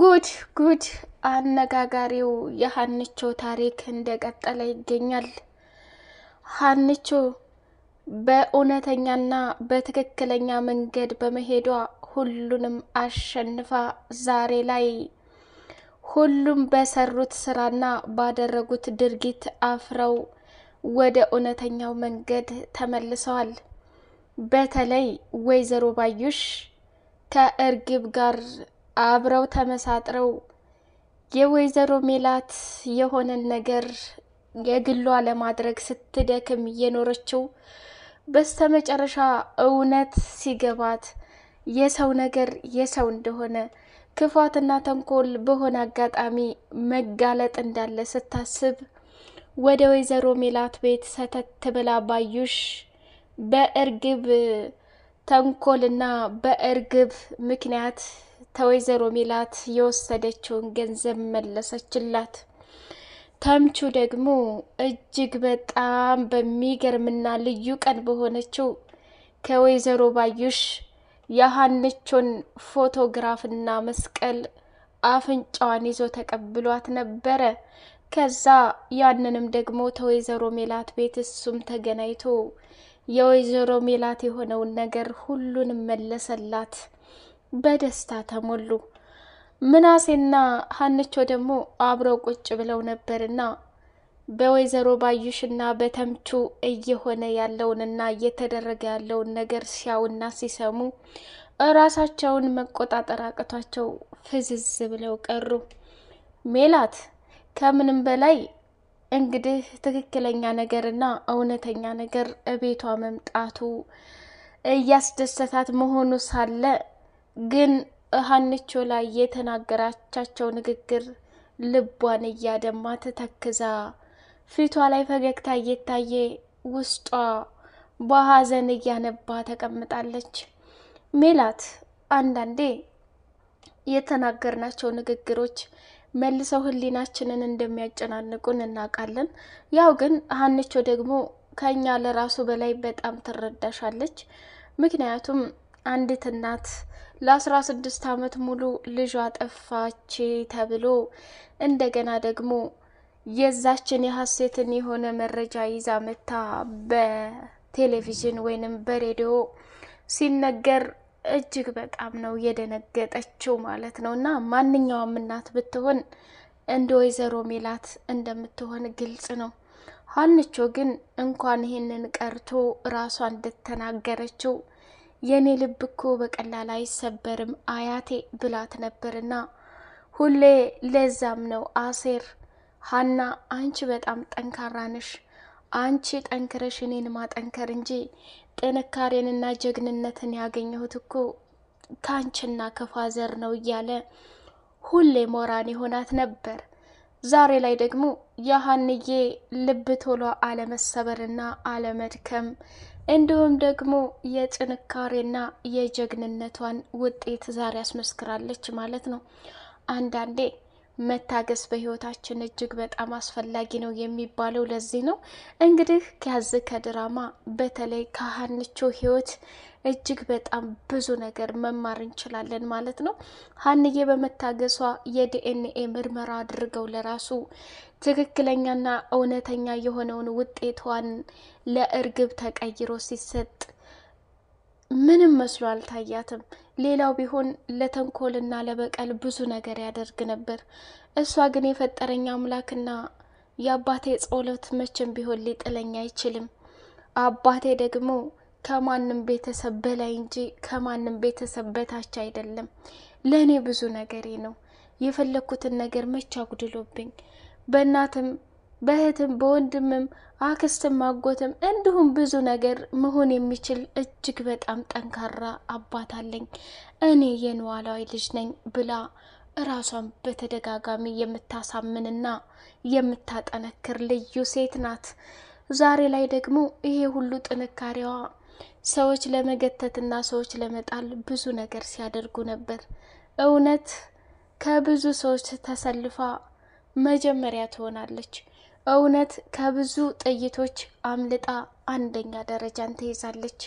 ጉድ ጉድ! አነጋጋሪው የሀንቾ ታሪክ እንደቀጠለ ይገኛል። ሀንቾ በእውነተኛና በትክክለኛ መንገድ በመሄዷ ሁሉንም አሸንፋ ዛሬ ላይ ሁሉም በሰሩት ስራና ባደረጉት ድርጊት አፍረው ወደ እውነተኛው መንገድ ተመልሰዋል። በተለይ ወይዘሮ ባዩሽ ከእርግብ ጋር አብረው ተመሳጥረው የወይዘሮ ሜላት የሆነን ነገር የግሏ ለማድረግ ስትደክም እየኖረችው በስተመጨረሻ እውነት ሲገባት የሰው ነገር የሰው እንደሆነ ክፋትና ተንኮል በሆነ አጋጣሚ መጋለጥ እንዳለ ስታስብ ወደ ወይዘሮ ሜላት ቤት ሰተት ብላ ባዩሽ በእርግብ ተንኮልና በእርግብ ምክንያት ተወይዘሮ ሚላት የወሰደችውን ገንዘብ መለሰችላት። ተምቹ ደግሞ እጅግ በጣም በሚገርምና ልዩ ቀን በሆነችው ከወይዘሮ ባዩሽ የሀንቾን ፎቶግራፍና መስቀል አፍንጫዋን ይዞ ተቀብሏት ነበረ። ከዛ ያንንም ደግሞ ተወይዘሮ ሜላት ቤት እሱም ተገናኝቶ የወይዘሮ ሜላት የሆነውን ነገር ሁሉንም መለሰላት። በደስታ ተሞሉ። ምናሴና ሀንቾ ደግሞ አብረው ቁጭ ብለው ነበርና በወይዘሮ ባዩሽና በተምቹ እየሆነ ያለውንና እየተደረገ ያለውን ነገር ሲያዩና ሲሰሙ እራሳቸውን መቆጣጠር አቅቷቸው ፍዝዝ ብለው ቀሩ። ሜላት ከምንም በላይ እንግዲህ ትክክለኛ ነገርና እውነተኛ ነገር እቤቷ መምጣቱ እያስደሰታት መሆኑ ሳለ ግን ሀንቾ ላይ የተናገራቻቸው ንግግር ልቧን እያደማ ተተክዛ ፊቷ ላይ ፈገግታ እየታየ ውስጧ በሀዘን እያነባ ተቀምጣለች። ሜላት አንዳንዴ የተናገርናቸው ንግግሮች መልሰው ህሊናችንን እንደሚያጨናንቁን እናውቃለን። ያው ግን ሀንቾ ደግሞ ከኛ ለራሱ በላይ በጣም ትረዳሻለች። ምክንያቱም አንዲት እናት ለአስራ ስድስት ዓመት ሙሉ ልጇ ጠፋች ተብሎ እንደገና ደግሞ የዛችን የሀሴትን የሆነ መረጃ ይዛ መታ በቴሌቪዥን ወይንም በሬዲዮ ሲነገር እጅግ በጣም ነው የደነገጠችው ማለት ነው። እና ማንኛውም እናት ብትሆን እንደ ወይዘሮ ሜላት እንደምትሆን ግልጽ ነው። ሀንቾ ግን እንኳን ይህንን ቀርቶ ራሷ እንደተናገረችው የኔ ልብ እኮ በቀላል አይሰበርም አያቴ ብላት ነበርና ሁሌ ለዛም ነው አሴር ሀና አንቺ በጣም ጠንካራ ነሽ፣ አንቺ ጠንክረሽ እኔን ማጠንከር እንጂ ጥንካሬንና ጀግንነትን ያገኘሁት እኮ ካንቺና ከፋዘር ነው እያለ ሁሌ ሞራን የሆናት ነበር። ዛሬ ላይ ደግሞ የሀንዬ ልብ ቶሎ አለመሰበርና አለመድከም እንዲሁም ደግሞ የጥንካሬና የጀግንነቷን ውጤት ዛሬ አስመስክራለች ማለት ነው። አንዳንዴ መታገስ በህይወታችን እጅግ በጣም አስፈላጊ ነው የሚባለው ለዚህ ነው። እንግዲህ ከያዝ ከድራማ በተለይ ከሀንቾ ህይወት እጅግ በጣም ብዙ ነገር መማር እንችላለን ማለት ነው። ሀንዬ በመታገሷ የዲኤንኤ ምርመራ አድርገው ለራሱ ትክክለኛና እውነተኛ የሆነውን ውጤቷን ለእርግብ ተቀይሮ ሲሰጥ ምንም መስሎ አልታያትም። ሌላው ቢሆን ለተንኮልና ለበቀል ብዙ ነገር ያደርግ ነበር። እሷ ግን የፈጠረኝ አምላክና የአባቴ ጸሎት መቼም ቢሆን ሊጥለኝ አይችልም። አባቴ ደግሞ ከማንም ቤተሰብ በላይ እንጂ ከማንም ቤተሰብ በታች አይደለም። ለእኔ ብዙ ነገሬ ነው። የፈለግኩትን ነገር መቼ አጉድሎብኝ በእናትም በእህትም በወንድምም አክስትም አጎትም እንዲሁም ብዙ ነገር መሆን የሚችል እጅግ በጣም ጠንካራ አባት አለኝ እኔ የኖላዊ ልጅ ነኝ ብላ እራሷን በተደጋጋሚ የምታሳምንና የምታጠነክር ልዩ ሴት ናት። ዛሬ ላይ ደግሞ ይሄ ሁሉ ጥንካሬዋ ሰዎች ለመገተትና ሰዎች ለመጣል ብዙ ነገር ሲያደርጉ ነበር። እውነት ከብዙ ሰዎች ተሰልፋ መጀመሪያ ትሆናለች። እውነት ከብዙ ጥይቶች አምልጣ አንደኛ ደረጃን ትይዛለች።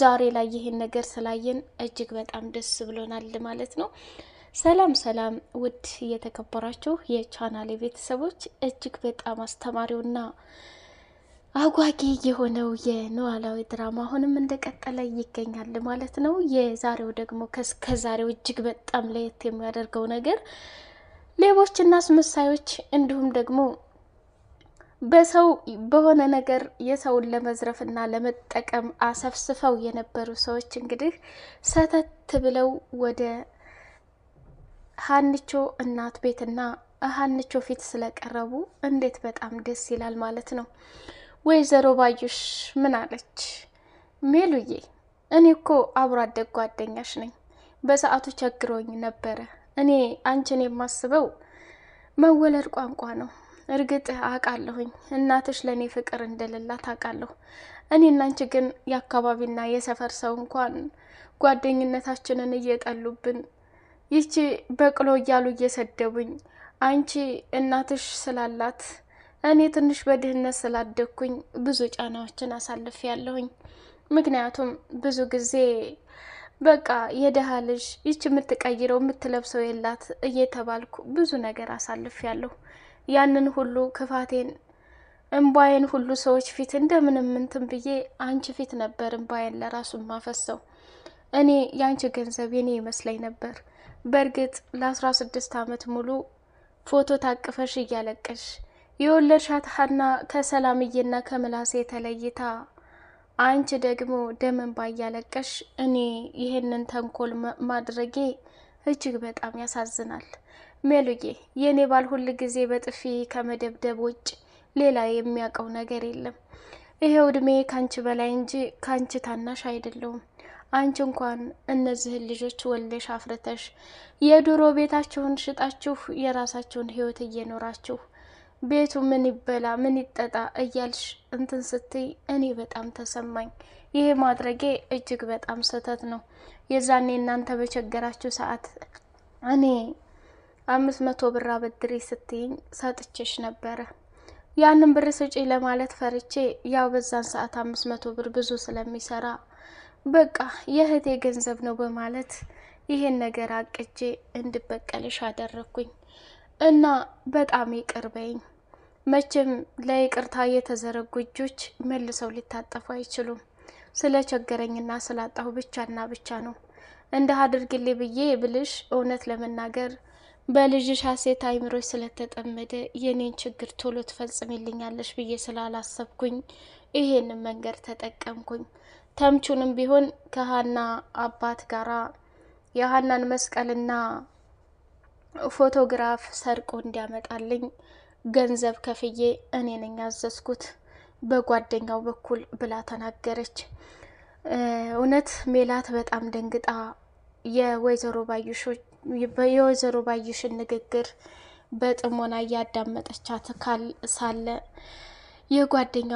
ዛሬ ላይ ይህን ነገር ስላየን እጅግ በጣም ደስ ብሎናል ማለት ነው። ሰላም ሰላም፣ ውድ የተከበራችሁ የቻናሌ ቤተሰቦች እጅግ በጣም አስተማሪውና አጓጊ የሆነው የኖላዊ ድራማ አሁንም እንደቀጠለ ይገኛል ማለት ነው። የዛሬው ደግሞ ከዛሬው እጅግ በጣም ለየት የሚያደርገው ነገር ሌቦችና አስመሳዮች እንዲሁም ደግሞ በሰው በሆነ ነገር የሰውን ለመዝረፍና ለመጠቀም አሰፍስፈው የነበሩ ሰዎች እንግዲህ ሰተት ብለው ወደ ሀንቾ እናት ቤትና ሀንቾ ፊት ስለቀረቡ እንዴት በጣም ደስ ይላል ማለት ነው። ወይዘሮ ባዩሽ ምን አለች? ሜሉዬ እኔ እኮ አብሮ አደግ ጓደኛሽ ነኝ። በሰዓቱ ቸግሮኝ ነበረ። እኔ አንቺን የማስበው መወለድ ቋንቋ ነው እርግጥ አውቃለሁኝ እናትሽ ለእኔ ፍቅር እንደሌላት አውቃለሁ። እኔ እናንቺ ግን የአካባቢና የሰፈር ሰው እንኳን ጓደኝነታችንን እየጠሉብን ይቺ በቅሎ እያሉ እየሰደቡኝ አንቺ እናትሽ ስላላት እኔ ትንሽ በድህነት ስላደግኩኝ ብዙ ጫናዎችን አሳልፍ ያለሁኝ። ምክንያቱም ብዙ ጊዜ በቃ የደሃ ልጅ ይች የምትቀይረው የምትለብሰው የላት እየተባልኩ ብዙ ነገር አሳልፍ ያለሁ። ያንን ሁሉ ክፋቴን እምባዬን ሁሉ ሰዎች ፊት እንደምንም እንትን ብዬ አንቺ ፊት ነበር እምባዬን ለራሱ ማፈሰው። እኔ የአንቺ ገንዘብ የኔ ይመስለኝ ነበር። በእርግጥ ለአስራ ስድስት ዓመት ሙሉ ፎቶ ታቅፈሽ እያለቀሽ የወለድሻት ሀና ከሰላምዬና ከምላሴ ተለይታ አንቺ ደግሞ ደምን ባያለቀሽ እኔ ይህንን ተንኮል ማድረጌ እጅግ በጣም ያሳዝናል። ሜሉዬ የእኔ ባል ሁል ጊዜ በጥፊ ከመደብደብ ውጭ ሌላ የሚያውቀው ነገር የለም። ይሄው ውድሜ ካንቺ በላይ እንጂ ካንቺ ታናሽ አይደለውም። አንቺ እንኳን እነዚህን ልጆች ወልደሽ አፍርተሽ የድሮ ቤታችሁን ሽጣችሁ የራሳችሁን ህይወት እየኖራችሁ ቤቱ ምን ይበላ ምን ይጠጣ እያልሽ እንትን ስትይ እኔ በጣም ተሰማኝ። ይሄ ማድረጌ እጅግ በጣም ስህተት ነው። የዛኔ እናንተ በቸገራችሁ ሰዓት እኔ አምስት መቶ ብር አበድሬ ስትይኝ ሰጥቼሽ ነበረ። ያንን ብር ስጪ ለማለት ፈርቼ ያው በዛን ሰዓት አምስት መቶ ብር ብዙ ስለሚሰራ በቃ የእህቴ ገንዘብ ነው በማለት ይሄን ነገር አቅጄ እንድበቀልሽ አደረግኩኝ እና በጣም ይቅርበኝ። መቼም ለይቅርታ የተዘረጉ እጆች መልሰው ሊታጠፉ አይችሉም። ስለ ቸገረኝና ስላጣሁ ብቻና ብቻ ነው እንደ አድርግልኝ ብዬ ብልሽ እውነት ለመናገር በልጅሽ ሀሴት አይምሮች ስለተጠመደ የኔን ችግር ቶሎ ትፈጽሚልኛለሽ ብዬ ስላላሰብኩኝ ይሄንን መንገድ ተጠቀምኩኝ። ተምቹንም ቢሆን ከሀና አባት ጋራ የሀናን መስቀልና ፎቶግራፍ ሰርቆ እንዲያመጣልኝ ገንዘብ ከፍዬ እኔ ነኝ ያዘዝኩት በጓደኛው በኩል ብላ ተናገረች። እውነት ሜላት በጣም ደንግጣ የወይዘሮ ባዩሾች የወይዘሮ ባዩሽን ንግግር በጥሞና እያዳመጠቻት ሳለ የጓደኛ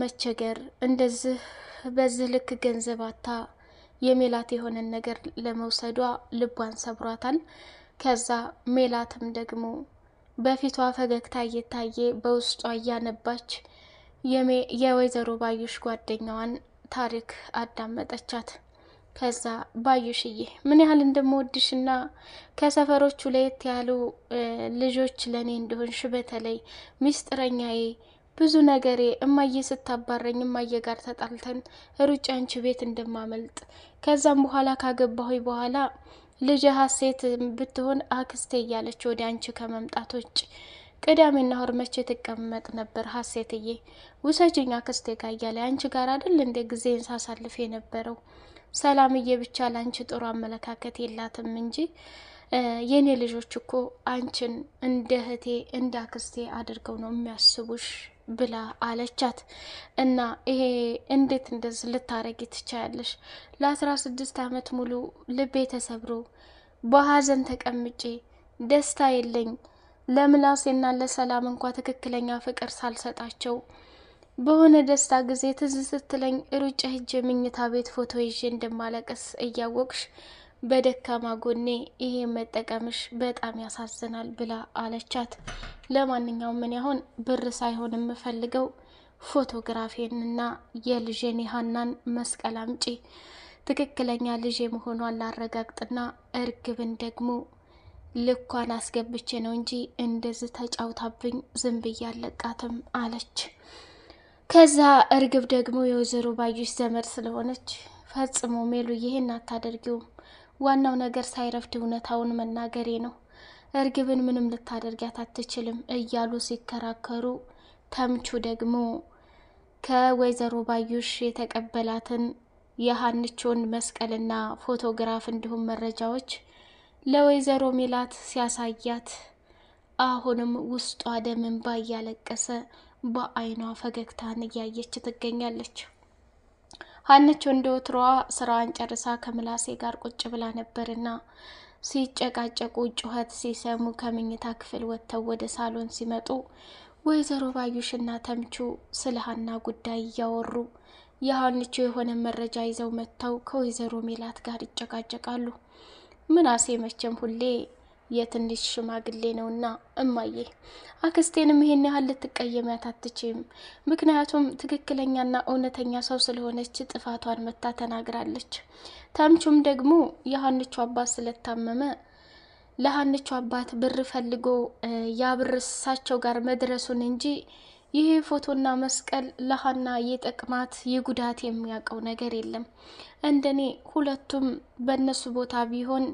መቸገር እንደዚህ በዚህ ልክ ገንዘብ አታ የሜላት የሆነን ነገር ለመውሰዷ ልቧን ሰብሯታል። ከዛ ሜላትም ደግሞ በፊቷ ፈገግታ እየታየ በውስጧ እያነባች የወይዘሮ ባዩሽ ጓደኛዋን ታሪክ አዳመጠቻት። ከዛ ባዩሽዬ ምን ያህል እንደምወድሽና ከሰፈሮቹ ለየት ያሉ ልጆች ለእኔ እንደሆንሽ በተለይ ሚስጥረኛዬ ብዙ ነገሬ እማዬ ስታባረኝ እማዬ ጋር ተጣልተን ሩጫ አንቺ ቤት እንደማመልጥ ከዛም በኋላ ካገባሁኝ በኋላ ልጅ ሀሴት ብትሆን አክስቴ እያለች ወደ አንቺ ከመምጣት ውጭ ቅዳሜና እሁድ መቼ ትቀመጥ ነበር ሀሴትዬ? ውሰጅኝ አክስቴ ጋ እያለ አንቺ ጋር አይደል እንደ ጊዜ ሳሳልፍ የነበረው ሰላምዬ ብቻ ለአንቺ ጥሩ አመለካከት የላትም እንጂ የእኔ ልጆች እኮ አንቺን እንደ እህቴ እንደ አክስቴ አድርገው ነው የሚያስቡሽ ብላ አለቻት። እና ይሄ እንዴት እንደዚ ልታረጊ ትቻያለሽ? ለአስራ ስድስት አመት ሙሉ ልቤ ተሰብሮ በሀዘን ተቀምጬ ደስታ የለኝ ለምላሴና ለሰላም እንኳ ትክክለኛ ፍቅር ሳልሰጣቸው በሆነ ደስታ ጊዜ ትዝ ስትለኝ ሩጫ ሂጅ የምኝታ ቤት ፎቶ ይዤ እንደማለቀስ እያወቅሽ በደካማ ጎኔ ይሄ መጠቀምሽ በጣም ያሳዝናል ብላ አለቻት። ለማንኛውም ምን ያሁን ብር ሳይሆን የምፈልገው ፎቶግራፌንና የልጄን የሀናን መስቀል አምጪ፣ ትክክለኛ ልጄ መሆኗን ላረጋግጥና እርግብን ደግሞ ልኳን አስገብቼ ነው እንጂ እንደዚህ ተጫውታብኝ ዝም ብዬ አለቃትም አለች። ከዛ እርግብ ደግሞ የወይዘሮ ባዩሽ ዘመድ ስለሆነች ፈጽሞ ሜሉ ይህን አታደርጊውም፣ ዋናው ነገር ሳይረፍድ እውነታውን መናገሬ ነው፣ እርግብን ምንም ልታደርጊያት አትችልም እያሉ ሲከራከሩ ተምቹ ደግሞ ከወይዘሮ ባዩሽ የተቀበላትን የሀንቾን መስቀልና ፎቶግራፍ እንዲሁም መረጃዎች ለወይዘሮ ሚላት ሲያሳያት አሁንም ውስጧ ደም እንባ እያለቀሰ በአይኗ ፈገግታን እያየች ትገኛለች። ሀነች እንደ ወትሮዋ ስራዋን ጨርሳ ከምላሴ ጋር ቁጭ ብላ ነበርና ሲጨቃጨቁ ጩኸት ሲሰሙ ከመኝታ ክፍል ወጥተው ወደ ሳሎን ሲመጡ ወይዘሮ ባዩሽና ተምቹ ስለ ሀና ጉዳይ እያወሩ የሀንቹ የሆነ መረጃ ይዘው መጥተው ከወይዘሮ ሜላት ጋር ይጨቃጨቃሉ። ምናሴ መቼም ሁሌ የትንሽ ሽማግሌ ነውና እማዬ አክስቴንም ይሄን ያህል ልትቀየሚያት አትችም። ምክንያቱም ትክክለኛና እውነተኛ ሰው ስለሆነች ጥፋቷን መታ ተናግራለች። ተምቹም ደግሞ የሀንቹ አባት ስለታመመ ለሀንቹ አባት ብር ፈልጎ ያ ብር እሳቸው ጋር መድረሱን እንጂ ይሄ ፎቶና መስቀል ለሀና የጠቅማት የጉዳት የሚያውቀው ነገር የለም። እንደኔ ሁለቱም በእነሱ ቦታ ቢሆን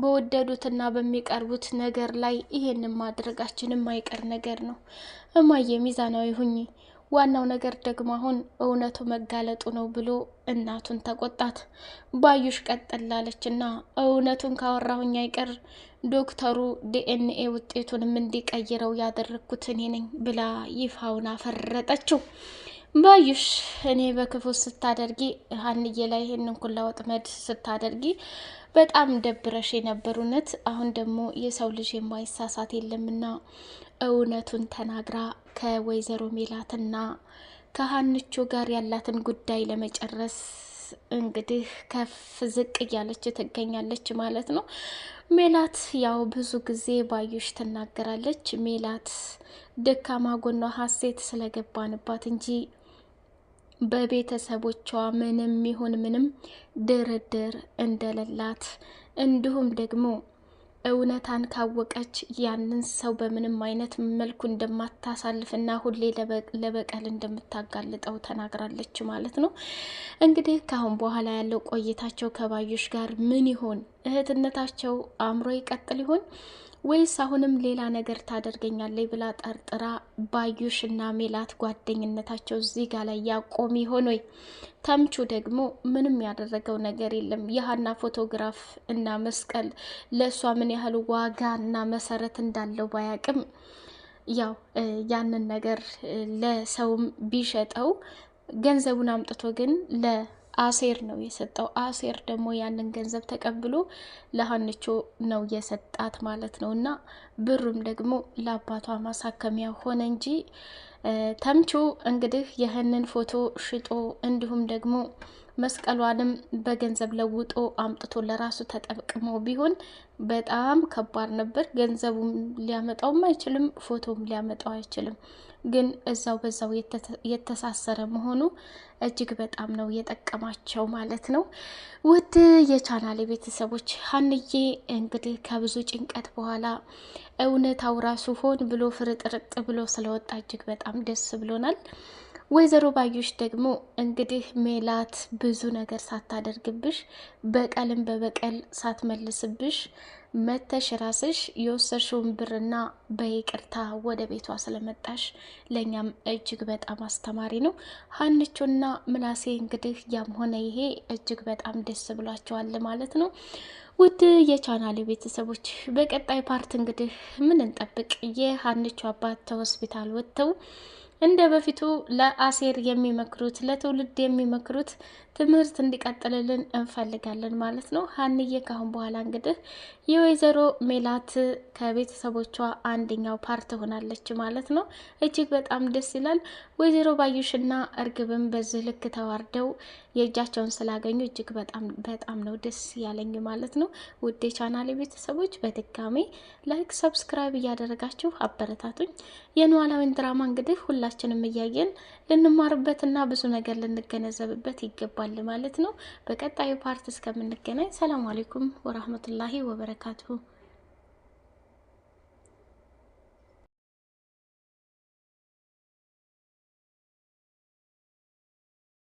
በወደዱትና በሚቀርቡት ነገር ላይ ይሄንን ማድረጋችን የማይቀር ነገር ነው። እማዬ ሚዛናዊ ሁኚ፣ ዋናው ነገር ደግሞ አሁን እውነቱ መጋለጡ ነው ብሎ እናቱን ተቆጣት። ባዩሽ ቀጠላለች እና እውነቱን ካወራሁኝ አይቀር ዶክተሩ ዲኤንኤ ውጤቱንም እንዲቀይረው ያደረግኩት እኔ ነኝ ብላ ይፋውን አፈረጠችው። ባዩሽ እኔ በክፉ ስታደርጊ ሀንዬ ላይ ይህንን ኩላ ወጥመድ ስታደርጊ በጣም ደብረሽ የነበር እውነት። አሁን ደግሞ የሰው ልጅ የማይሳሳት የለምና እውነቱን ተናግራ ከወይዘሮ ሜላትና ከሀንቾ ጋር ያላትን ጉዳይ ለመጨረስ እንግዲህ ከፍ ዝቅ እያለች ትገኛለች ማለት ነው። ሜላት ያው ብዙ ጊዜ ባዩሽ ትናገራለች። ሜላት ደካማ ጎኗ ሀሴት ስለገባንባት እንጂ በቤተሰቦቿ ምንም ይሁን ምንም ድርድር እንደሌላት እንዲሁም ደግሞ እውነታን ካወቀች ያንን ሰው በምንም አይነት መልኩ እንደማታሳልፍና ሁሌ ለበቀል እንደምታጋልጠው ተናግራለች ማለት ነው። እንግዲህ ከአሁን በኋላ ያለው ቆይታቸው ከባዮሽ ጋር ምን ይሆን? እህትነታቸው አእምሮ ይቀጥል ይሆን? ወይስ አሁንም ሌላ ነገር ታደርገኛለች ብላ ጠርጥራ ባዩሽ እና ሜላት ጓደኝነታቸው እዚህ ጋ ላይ ያቆም ይሆን ወይ? ተምቹ ደግሞ ምንም ያደረገው ነገር የለም። የሀና ፎቶግራፍ እና መስቀል ለእሷ ምን ያህል ዋጋ እና መሰረት እንዳለው ባያቅም ያው ያንን ነገር ለሰውም ቢሸጠው ገንዘቡን አምጥቶ ግን ለ አሴር ነው የሰጠው። አሴር ደግሞ ያንን ገንዘብ ተቀብሎ ለሀንቾ ነው የሰጣት ማለት ነው። እና ብሩም ደግሞ ለአባቷ ማሳከሚያ ሆነ እንጂ ተምቹ እንግዲህ ይህንን ፎቶ ሽጦ እንዲሁም ደግሞ መስቀሏንም በገንዘብ ለውጦ አምጥቶ ለራሱ ተጠቅሞ ቢሆን በጣም ከባድ ነበር። ገንዘቡም ሊያመጣውም አይችልም፣ ፎቶም ሊያመጣው አይችልም። ግን እዛው በዛው የተሳሰረ መሆኑ እጅግ በጣም ነው የጠቀማቸው ማለት ነው። ውድ የቻናሌ ቤተሰቦች ሀንዬ እንግዲህ ከብዙ ጭንቀት በኋላ እውነታው ራሱ ሆን ብሎ ፍርጥርጥ ብሎ ስለወጣ እጅግ በጣም ደስ ብሎናል። ወይዘሮ ባዩሽ ደግሞ እንግዲህ ሜላት ብዙ ነገር ሳታደርግብሽ፣ በቀልም በበቀል ሳትመልስብሽ መተሽ ራስሽ የወሰድሽውን ብርና በይቅርታ ወደ ቤቷ ስለመጣሽ ለእኛም እጅግ በጣም አስተማሪ ነው። ሀንቹና ምናሴ እንግዲህ ያም ሆነ ይሄ እጅግ በጣም ደስ ብሏቸዋል ማለት ነው። ውድ የቻናሌ ቤተሰቦች በቀጣይ ፓርት እንግዲህ ምን እንጠብቅ? የሀንቹ አባት ከሆስፒታል ወጥተው እንደ በፊቱ ለአሴር የሚመክሩት ለትውልድ የሚመክሩት ትምህርት እንዲቀጥልልን እንፈልጋለን ማለት ነው። ሀንዬ ካሁን በኋላ እንግዲህ የወይዘሮ ሜላት ከቤተሰቦቿ አንደኛው ፓርት ሆናለች ማለት ነው። እጅግ በጣም ደስ ይላል። ወይዘሮ ባዩሽና እርግብም በዚህ ልክ ተዋርደው የእጃቸውን ስላገኙ እጅግ በጣም በጣም ነው ደስ ያለኝ ማለት ነው። ውድ የቻናሌ ቤተሰቦች በድጋሜ ላይክ፣ ሰብስክራይብ እያደረጋችሁ አበረታቱኝ። የኖላዊን ድራማ እንግዲህ ሁላችንም እያየን ልንማርበትና ብዙ ነገር ልንገነዘብበት ይገባል። ተደርጓል ማለት ነው። በቀጣዩ ፓርት እስከምንገናኝ ሰላም አሌይኩም ወራህመቱላሂ ወበረካቱሁ።